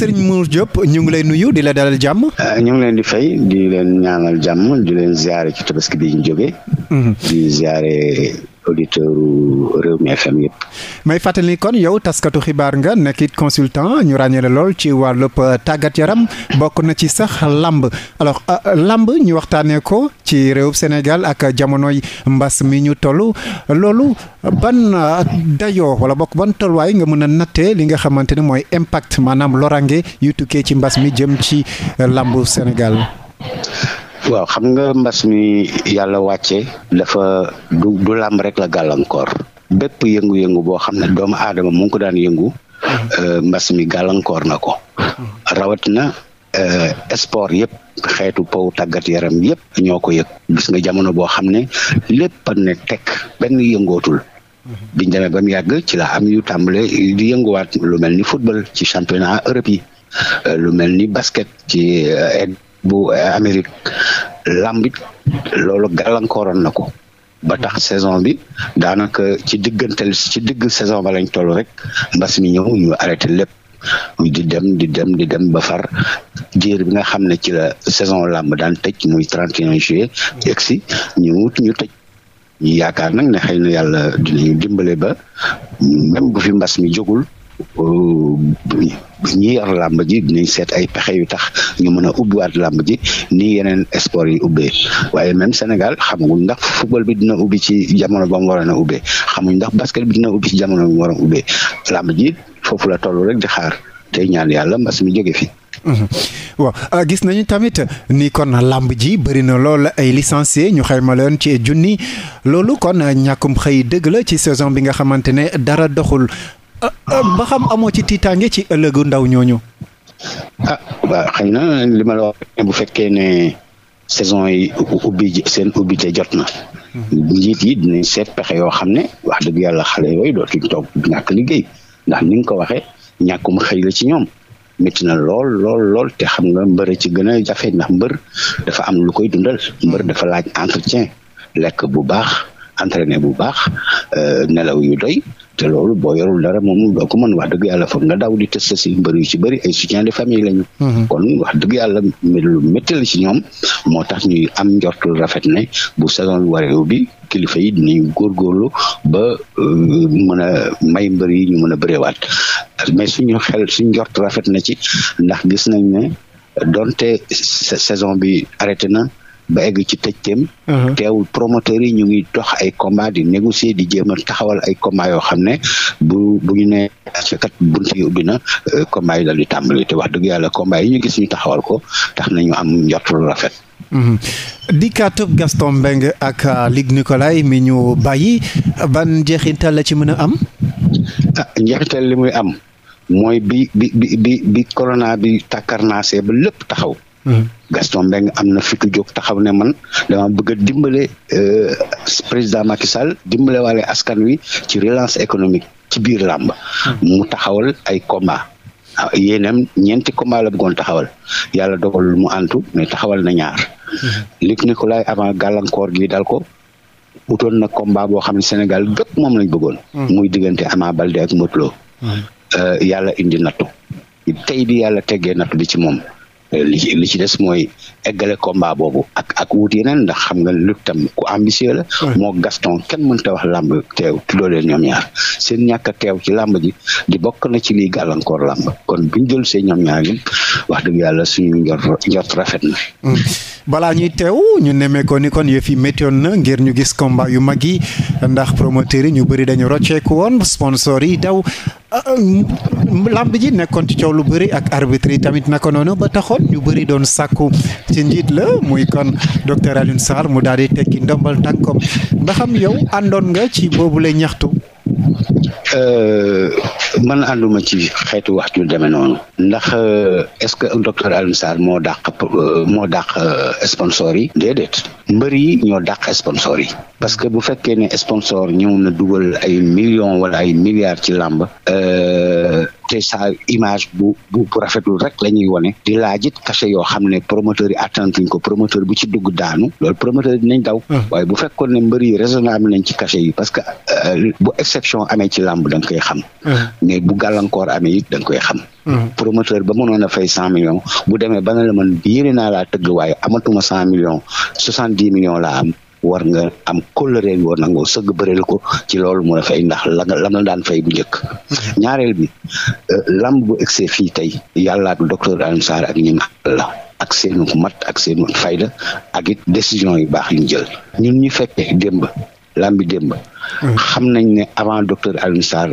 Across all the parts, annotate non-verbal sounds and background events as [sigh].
Serigne Mor Diop ñu ngi lay nuyu di la dalal jàmm. Ah, ñu ngi leen di fay di leen ñaanal jàmm di leen ziare ci tabaski bi ñu jógee. Mm-hmm. di ziare auditeurs Rewmi may fàttali kon yow taskatu xibaar nga nekk it consultant ñu ràññee la lool ci wàllub euh, tàggat yaram bokk na ci sax lamb alors euh, lamb ñu waxtaanee ko ci réew Sénégal ak jamonoy mbas mi ñu toll loolu ban euh, dajoo wala bokk ban tolluwaay nga mën a nattee li nga xamante ne mooy impact maanaam lorange yu tukkee ci mbas mi jëm ci lambu Sénégal. waaw xam nga mbas mi yàlla wàcce dafa du du rek la gàllankoor bépp yëngu-yëngu boo xam ne doomu aadama mu ngi ko daan yëngu euh, mbas mi gàllankoor na ko rawatina euh, sport yëpp xeetu pow tàggat yaram yëpp ñoo ko yëg gis nga jamono boo xam ne lépp a ne tekk benn yëngootul biñ demee ba mu yàgg ci la am yu tàmbale di yënguwaat lu mel ni football ci championnat Europe euh, lu mel ni basket ci bu Amérique làmb loolu gàllankooroon na ko ba tax saison bi daanaka ci diggantel ci digg saison ba lañ toll rek mbas mi ñëw ñu arrêté lépp di dem di dem di dem ba far diir bi nga xam ne ci la saison lamb daan tëj muy 31 juillet egsi ñu wut ñu tëj ñu yaakaar nag ne xëy na yàlla dinañu dimbale ba même bu fi mbas mi jógul Euh, ñi yor làmb ji dinañ seet ay pexe yu tax ñu mën a ubbiwaat làmb ji ni yeneen sport yi ubbee waaye même Sénégal xamagul ndax football bi dina ubbi ci jamono ba mu waroon a xamuñ ndax basket bi dina ubbi ci jamono ba mu waroon a làmb ji foofu la toll rek di xaar tey ñaan yàlla mbas mi jóge fi. Mhm. waaw ah, gis nañu tamit ni kon làmb ji bëri na lool ay licenciés ñu xayma leen ci junni loolu kon ñàkkum xëy dëgg la ci saison bi nga xamante ne dara doxul Euh, euh, ba xam amoo ci tiitaange ci ëllëgu ndaw ñooñu. ah waaw xëy na li ma la wax bu fekkee ne saison yi ubbi seen ubbi te jot na. njiit yi dinañ seet pexe yoo xam ne wax dëgg yàlla xale yooyu dootuñ toog ñàkk liggéey ndax ni nga ko waxee ñàkkum xëy la ci ñoom. métti na lool lool lool te xam nga mbër ci gën a jafe ndax mbër dafa am lu koy dundal mbër dafa laaj entretien lekk bu baax entraîné bu baax euh, nelaw yu doy te loolu boo yorul dara moom doo ko mën wax dëgg yàlla foog nga daw di test si mbër yu ci bëri ay soutien de famille lañu. Mhm. kon wax dëgg yàlla lu métti la ci ñoom moo tax ñuy am njortul rafet ne bu saison wareew bi kilifa yi dinañu góorgóorlu ba euh, mën a may mbër yi ñu mën a bëreewaat mais suñu xel suñ njort rafet na ci ndax gis nañ ne donte saison bi arrêté na. ba egg ci tëjteem. Uh-huh. teewul promoteurs yi ñu ngi dox ay combat di négocier di jéem a taxawal ay combat yoo xam ne bu bu ñu nee kat bunt yi ubbi na euh, dal di tàmbali te wax dëgg yàlla combat yi ñu gis ñu taxawal ko tax nañu am njort lu rafet. Uh-huh. dikkaatub Gaston Mbengue ak euh, Luc Nicolaï mi ñu bàyyi ban njeexintal la ci mën a am. ah njeexintal li muy am mooy bi bi bi bi corona bi takkarnaasee ba lépp taxaw. Gaston Mbengue am na fi ku taxaw ne man dama bëgg a dimbale euh, président Macky Sall dimbale waale askan wi ci relance économique ci biir làmb mu taxawal ay combat ah, yéenem ñeenti combat la bëggoon taxawal yàlla dogalul mu antu mais taxawal na ñaar Luc Nicolaï avant gàllankoor gi dal ko utoon na combat boo xam ne Sénégal gëpp moom lañ bëggoon muy diggante Ama Baldé ak Modou Lô hmm. euh, yàlla indi nattu tey bi yàlla teggee nattu bi ci moom Euh, li ci li ci des mooy eggale komba boobu ak ak wut yeneen ndax xam nga lu tam ku ambitieux la. moo Gaston kenn mënta wax làmb teew tuddoo leen ñoom ñaar seen ñàkk a teew ci làmb ji di bokk na ci liy gàllankoor làmb kon buñ jël see ñoom ñaar ñun wax dëgg yàlla suñu njort njort rafet na. Hmm. balaa ñuy teew ñu nemmee ko ni kon yëf yi méttoon na ngir ñu gis combat yu mag yi ndax promoteurs yi ñu bëri dañu rocceeku woon sponsor yi daw ah, ah, làmb ji nekkoon ci coow lu bëri ak arbitre yi tamit ko noonu ba taxoon ñu bëri doon sàkku ci njiit la muy kon docteur Alioune Sarr mu daal di tekki ndombal tànkom ba xam yow àndoon nga ci boobu lay ñaxtu. Euh, man ànduma ci xeetu wax ju demee noonu ndax euh, est-ce que docteur Alioune moo dàq euh, moo dàq sponsor yi déedéet mbër yi ñoo dàq sponsor yi parce que bu fekkee ne sponsor ñëw na dugal ay millions wala ay milliards ci làmb euh, te sa image bu bu rafetul rek la ñuy wone di laajit cachet yoo xam ne promoteur yi attantuñ ko promoteur bu ci dugg daanu lool promoteur dinañ daw ah. waaye bu fekkoon ne mbër yi raisonnable nañ ci cachet yi parce que euh, bu exception amee ci lamb da koy xam ah. mais bu gàllankoor amee it da koy xam Mm-hmm. promoteur ba mënoon a fay cent bu demee ba na la man yéene naa laa tëgg waaye amatuma cent millions soixante dix millions laa am war nga am kóllëre boo nangoo sëgg bëreel ko ci loolu mu a fay ndax la nga la daan fay bu njëkk. Mm-hmm. ñaareel bi euh, lamb bu egsee fii tey yàlla ak docteur Alioune Sarr ak ñi la ak seenu mat ak seenu fayda ak it décision yi baax yu ñu ñun ñu fekkee démb lambi démb. Mm. xam nañ ne avant docteur Alioune Sarr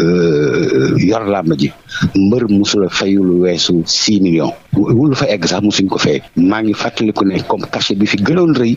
euh, yor làmb ji mbër musula fayu lu weesu six millions wulu fa egg sax mosuñ ko fee maa ngi fàttaliku ne comme cachet bi fi gënoon rëy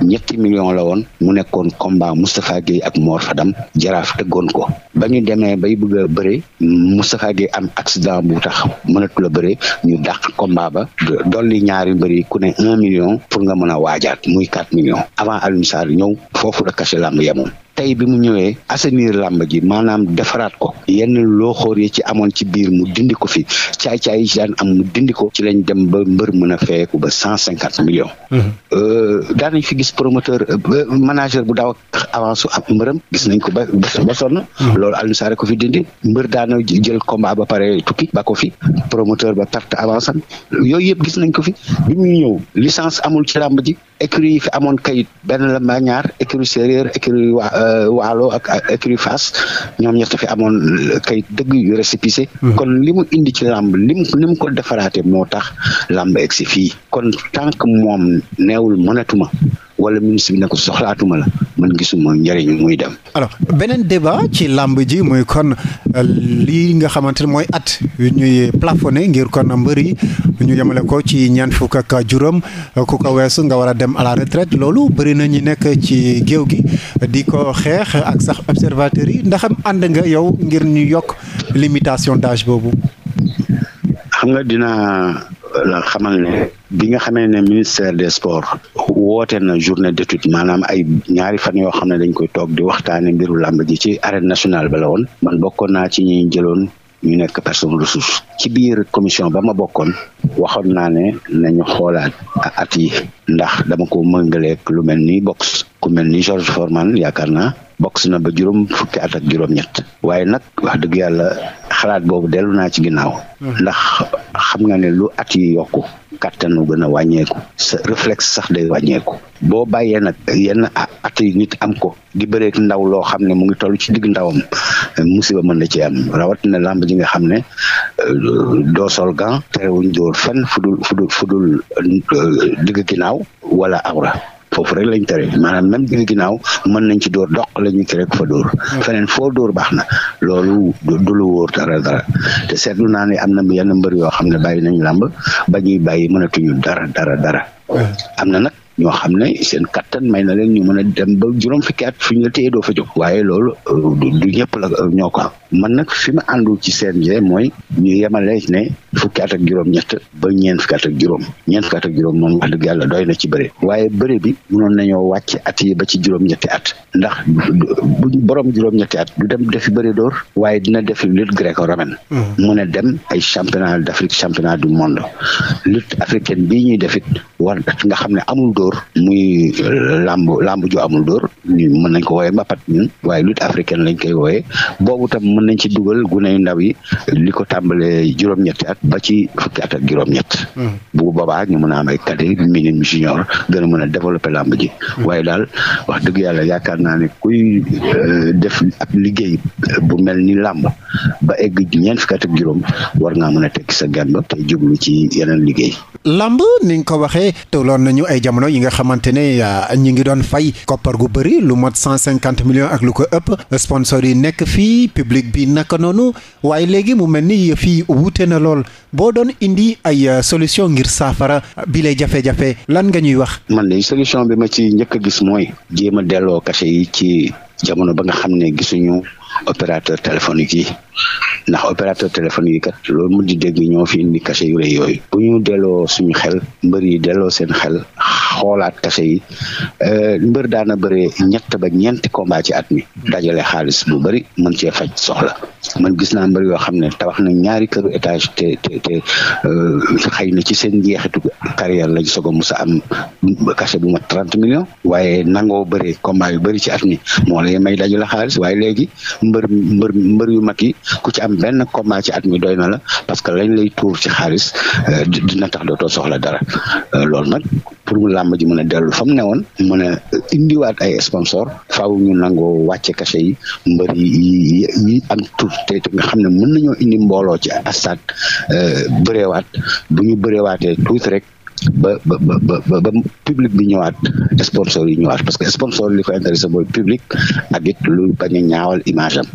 ñetti million la woon mu nekkoon combat Moustapha Guèye ak Mor Fadam jaraaf tëggoon ko ba ñu demee bay bëgg a bëre Moustapha Guèye am accident bu tax mënatul a bëre ñu dàq komba ba dolli ñaari mbëri ku ne un million pour nga mën a waajaat muy quatre million avant Alioune Sarr ñëw foofu la cachet làmb yemoon tey bi mu ñëwee assainir làmb ji maanaam defaraat ko yenn looxoor yi ci amoon ci biir mu dindi ko fi caay-caay yi ci am mu dindi ko ci lañ dem ba mbër mën a feeku ba cent cinquante millions. Mhm. Euh, daan nañ fi gis promoteur euh, manager bu daaw avance ab mbërëm gis nañ ko ba ba sonn. Mhm. loolu Alioune Sarr ko fi dindi mbër daana jël combat ba pare tukki ba ko fi promoteur ba perte avance yooyu yëpp gis nañ ko fi bi ñëw licence amul ci lamb ji. écurie yi fi amoon kayit benn la ma ñaar écurie séeréer écurie waa euh, waalo ak écurie Fass ñoom ñett fi amoon kayit dëgg yu récépissé. Mhm. kon li indi ci làmb li ko defaraate moo tax làmb egg si fii kon tant que moom neewul mënatuma wala ministre bi ne ko soxlaatuma la man gisuma njëriñ muy dem. alors beneen débat ci làmb ji muy kon euh, lii nga xamante ne mooy at yu ñuy plafonné ngir kon mbër yi ñu yemale ko ci ñeent fukk ak juróom ku ko weesu nga war a dem à la retraite loolu bëri na ñu nekk ci géew gi di ko xeex ak sax observateurs yi ndax ànd nga yow ngir ñu yokk limitation d'âge boobu. xam nga dinaa euh, la xamal ne bi nga xamee ne ministère des sports woote na journée d'étude maanaam ay ñaari fan yoo xam ne dañ koy toog di waxtaane mbiru làmb ji ci arène national ba la woon man bokkoon naa ci ñuy jëloon ñu nekk personne ressource ci biir commission ba ma bokkoon waxoon naa ne nañu xoolaat at yi ndax dama ko mëngaleek lu mel ni box ku mel ni George Foreman yaakaar naa box na ba juróom fukki at ak juróom-ñett waaye nag wax dëgg yàlla xalaat boobu dellu naa ci ginnaaw hmm. ndax xam nga ne lu at yi yokku kàttanu gën a wàññeeku sa réflexe sax de wàññeeku boo bàyyee nag yenn at yi nit am ko di bëreek ndaw loo xam ne mu ngi toll ci digg ndawam musiba mën na ci am rawat na làmb ji nga xam ne euh, doo sol gan terewuñ dóor fenn fudul fudul fudul euh, digg ginnaaw wala awra foofu rek lañ tere maanaam même bi ginnaaw mën nañ ci dóor doq la ñu ci rek fa dóor mm. feneen foo dóor baax na loolu du lu wóor dara dara te seetlu naa ne am na yenn mbër yoo xam ne bàyyi nañ làmb ba ñuy bàyyi mënatuñu dara dara dara am na nag ñoo xam ne seen kattan may na leen ñu mën a dem ba juróom fukki at fu ñu la téye doo fa jóg waaye loolu euh, du ñëpp la ñoo ko man nag fi ma àndul ci CNG mooy ñu yemale ne fukki at ak juróom-ñett ba ñeent fukki ak juróom ñeent fukki at ak juróom moom wax dëgg yàlla doy na ci bëre waaye bëre bi mënoon nañoo wàcc at yi ba ci juróom-ñetti at ndax bu boroom juróom-ñetti at du dem defi bëre door waaye dina def lutte gréco-romaine hmm. mu ne dem ay championnat d'Afrique championnat du monde lutte africaine bi ñuy defit war nga xam ne amul dóor muy làmb làmb ju amul dóor ñu mën nañ ko wooyee mbapat ñun waaye lutte africaine lañ koy wooyee mën nañ ci dugal gune yi li ko tàmbalee juróom-ñetti at ba ci fukki at ak ñet ñett hmm. bu boobaa ñu mën a am ay cadet minime junior gën a mën a développer làmb ji. Hmm. waaye daal wax dëgg yàlla yaakaar naa ne kuy euh, def ab liggéey bu mel ni làmb ba egg ñeent fukki at ak war ngaa mën a tekki sa genn te jublu ci yeneen liggéey. lamb ni ko waxee te tolloon nañu ay jamono yi nga xamante ne euh, ñu ngi doon fay koppar gu bëri lu mot cent cinquante millions ak lu ko ëpp sponsor yi nekk fii public bi naka noonu waaye léegi mu mel ni fii wuute na lool boo doon indi ay euh, solution ngir saafara bi lay jafe-jafe lan nga ñuy wax. man de solution bi ma ci njëkk a gis mooy. jéem a delloo cachet yi ci jamono ba nga xam ne gisuñu opérateur téléphonique yi. ndax opérateur téléphone yi kat loolu mën di dégg ñoo fi indi cachet yu rëy yooyu bu ñu delloo suñu xel mbari yi delloo seen xel xoolaat cachet yi euh, mbër daana bëree ñett ba ñeent combat ci at mi dajale xaalis bu bëri mën cee faj soxla man gis naa mbër yoo xam ne tabax na ñaari këru étage te te euh, xëy na ci seen njeexitu carrière lañ soog a mus a am cachet bu mat trente millions waaye nangoo bëree combat yu bari ci at mi moo lay may dajale xaalis waaye léegi mbër mbër mbër yu mag yi am benn combat at mi doy na la parce que lañ lay tuur ci xaalis euh, dina tax dootoo soxla dara euh, loolu nag pour làmb ji mën a dellu fa mu ne woon mën a indiwaat ay sponsor faw ñu nangoo wàcce cachet yi mbër yi yi am tur te nga xam ne mën nañoo indi mbooloo ci astat euh, bëreewaat bu ñu bëreewaatee tuuti rek ba ba ba public bi ñëwaat sponsor yi ñëwaat parce que sponsor li ko intéressé mooy public ak it lu bañ a ñaawal image am.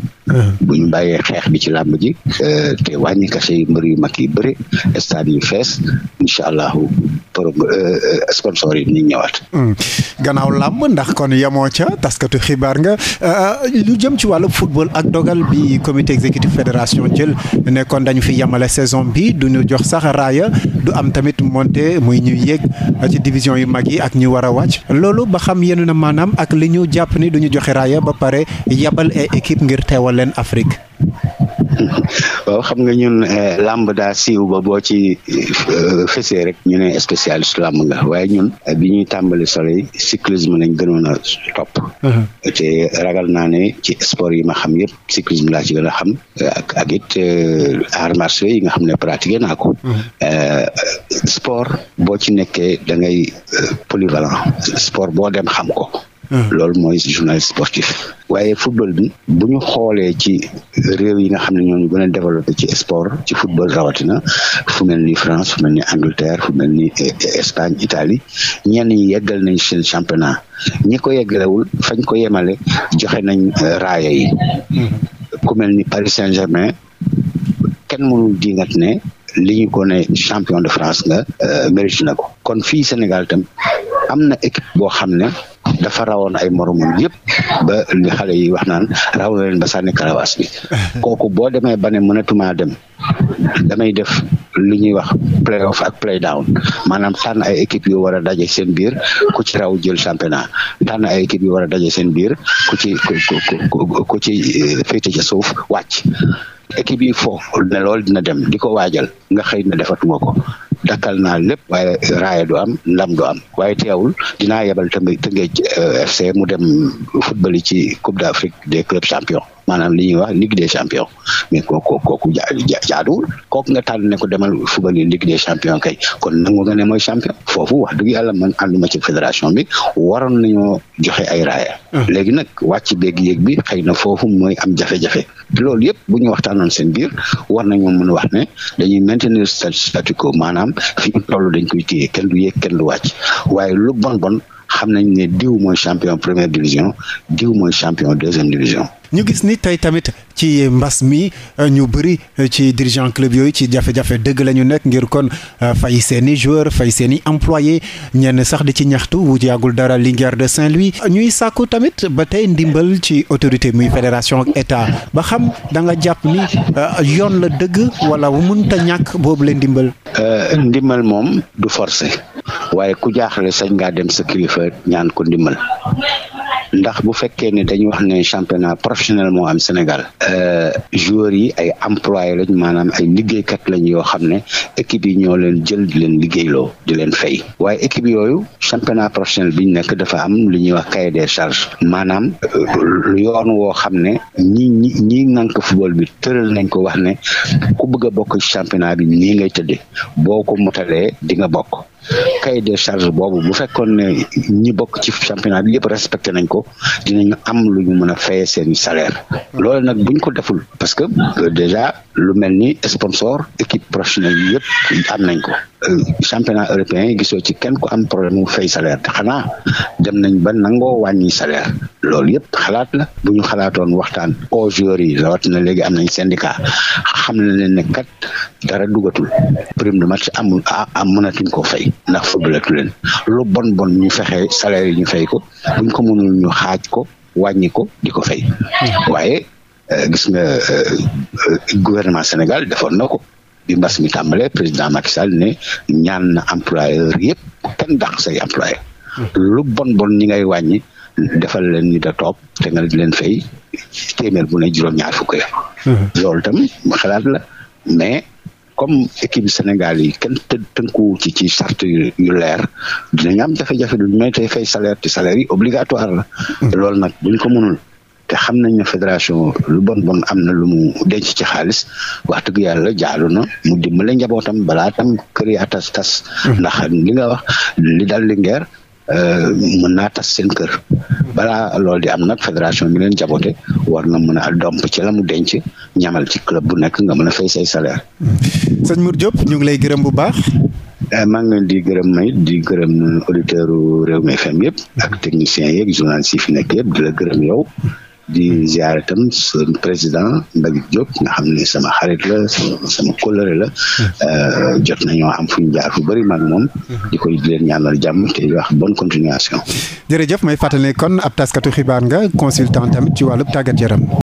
bu ñu bàyyee xeex bi ci làmb ji. Euh, te wàññi cachet yu mbër yu mag yi bëri stade yu fees incha allahu pour euh, euh, sponsor yi ñu ñëwaat. gannaaw làmb ndax kon yemoo ca taskatu xibaar nga lu jëm ci wàllu football ak dogal bi comité exécutif fédération jël ne kon dañu fi yemale saison bi du ñu jox sax raaya du am tamit monté muy ñu yéeg ci division yu mag yi ak ñu war a wàcc. loolu ba xam yéen na maanaam ak li ñu jàpp ni duñu joxe raaya ba pare yabal ay équipe ngir teewal leen Afrique. waaw xam nga ñun eh, làmb daa siiw ba boo ci eh, fësee rek ñu ne spécialiste làmb nga waaye ñun eh, bi ñuy tàmbali soleil cyclisme lañ gënoon a topp uh-huh. te ragal naa ne ci sport yi ma xam yëpp cyclisme laa ci gën xam ak ak it arts martiaux yi nga xam ne pratiqué naa sport boo ci nekkee dangay ngay euh, polyvalent sport boo dem xam ko. Ah. loolu mooy journaliste sportif. waaye football bi bu ñu xoolee ci réew yi nga xam ne ñoo ñu gën a ci sport ci football rawatina fu mel ni France fu mel ni Angleterre fu mel ni eh, eh, Espagne Italie ñenn ñi yeggal nañ seen championnat ñi ko yeggalewul fañ ko yemale joxe nañ euh, raaya yi. Mm-hmm. ku mel Paris Saint-Germain kenn mënul diingat ne. li ñu champion de France nga euh, mérite na ko kon fii Sénégal tam am na équipe boo xam ne dafa rawoon ay moromam yëpp ba li xale yi wax naan raw na ba sànni karawaas bi [laughs] kooku boo demee ba ne mënatumaa dem damay def lu ñuy wax play off ak play down maanaam tànn ay équipe yo wara a daje seen biir ku ci raw jël championnat tànn ay équipe yu war daje seen biir ku ci ku ci euh, féete ca suuf wàcc équipe yi fo ne loolu dina dem di ko waajal nga xëy na defatuma ko dakal naa lépp waaye raaya du am ndam du am waaye teewul dinaa yebal tamit Tëngéej euh, FC mu dem football yi ci Coupe d'Afrique des clubs champions maanaam li ñuy wax Ligue des champions mais kooku kooku ja jaaduwul kooku nga tànn ne ko demal football yi Ligue des champions kon nangu nga ne mooy champion foofu wax dëgg yàlla man ànduma ci fédération bi waroon nañoo joxe ay raaya. Ah. léegi nag wàcc beeg yéeg bi xëy na foofu mooy am jafe-jafe. loolu yëpp bu ñu waxtaanoon seen biir war nañoo mën wax ne dañuy maintenir statu quo maanaam fi ñu toll dañ koy téye kenn du yéeg kenn du wàcc waaye lu bon bon xam nañ ne diw mooy champion première division diw mooy champion deuxième division ñu gis ni tey tamit ci mbas mi euh, ñu bëri euh, ci dirigeant club yooyu ci jafe-jafe dëgg la ñu nekk ngir kon euh, fay seeni i joueur fay seen i employé ñenn sax di ci ñaxtu wu yàggul dara Linguère de Saint-Louis ñuy sàkku tamit ba tey ndimbal ci autorité muy fédération ak ba xam da nga jàpp ni yoon la dëgg wala mënta ñàkk boobu la ndimbal ndimbal moom du force waaye ku jaaxle sañ ngaa dem sa kilifa ñaan ko ndimbal ndax bu fekkee ne dañu wax ne championnat professionnel moo am Sénégal euh, joueurs yi ay employé lañ maanaam ay liggéeykat lañ yoo xam ne équipe yi ñoo leen jël di leen liggéeyloo di leen fay waaye équipe yooyu championnat professionnel bi ñu nekk dafa am lu ñuy wax cahier des charges maanaam lu euh, yoon woo xam ne ñi ñi ñi nànk football bi tëral nañ ko wax ne ku bëgg a bokk championnat bi nii ngay tëddee boo ko motalee di nga bokk cahier de charges boobu bu fekkoon ne ñi bokk ci championnat bi yëpp respecté nañ ko dinañ am lu ñu mën a fayee seen salaire loolu nag buñ ko deful parce que euh, déjà lu mel ni sponsor équipe professionnelle yi yëpp am nañ ko euh, championnat européen yi gisoo ci kenn ku am problème mu fay salaire te xanaa dem nañ ba nangoo wàññi salaire loolu yëpp xalaat la bu ñu xalaatoon waxtaan aux joueurs yi na léegi am nañ syndicat xam na leen ne kat dara dugatul prime de match amul a am mënatuñ koo fay ndax fëbalatu leen lu bon bon ñu fexe salaire yi ñu fay ko buñ ko mënul ñu xaaj ko wàññi ko di ko fay hmm. waaye euh, gis nga euh, euh, gouvernement Sénégal defoon na ko bi mbas mi tàmbalee président Macky Sall ne ñaan na employeur yëpp kenn dàq say employé hmm. lu bon bon ñi ngay wàññi defal leen ni da toog te nga leen fay téeméer bu ne juróom-ñaar fukk ya hmm. loolu tam xalaat la mais comme équipe Sénégal yi kenn tënku ci ci charte yu leer dinañ am jafe-jafe du ñu tey fay salaire te salaire yi obligatoire la. Mm. loolu nag buñ ko mënul. te xam nañ ne fédération lu bon bon am na lu mu denc ci xaalis wax dëgg yàlla jaalu na mu dimbale njabootam balaa tam kër yaa tas tas. Mm. ndax li nga wax li dal Euh, mën naa tas seen kër bala loolu di am nag fédération bi leen jaboote war na mën a domp ci la mu denc ñamal ci club bu nekk nga mën a fay say salaire. sëñ Mour Diop ñu ngi lay gërëm bu baax. Euh, maa ngi leen di gërëm may di gërëm auditeurs Rewmi FM yëpp ak techniciens yeeg journalistes yi fi nekk yëpp di la gërëm yow. di ziare tam seen président Mbagit jóg nga xam ne sama xarit la sama sama kóllëre la euh, jot nañoo am fu ñu jaar fu bari maag moom di koy di leen ñaanal jàmm te wax bonne continuation jërëjëf may fàttali kon ab taskatu xibaar nga consultant tamit ci wàllu tàggat yaram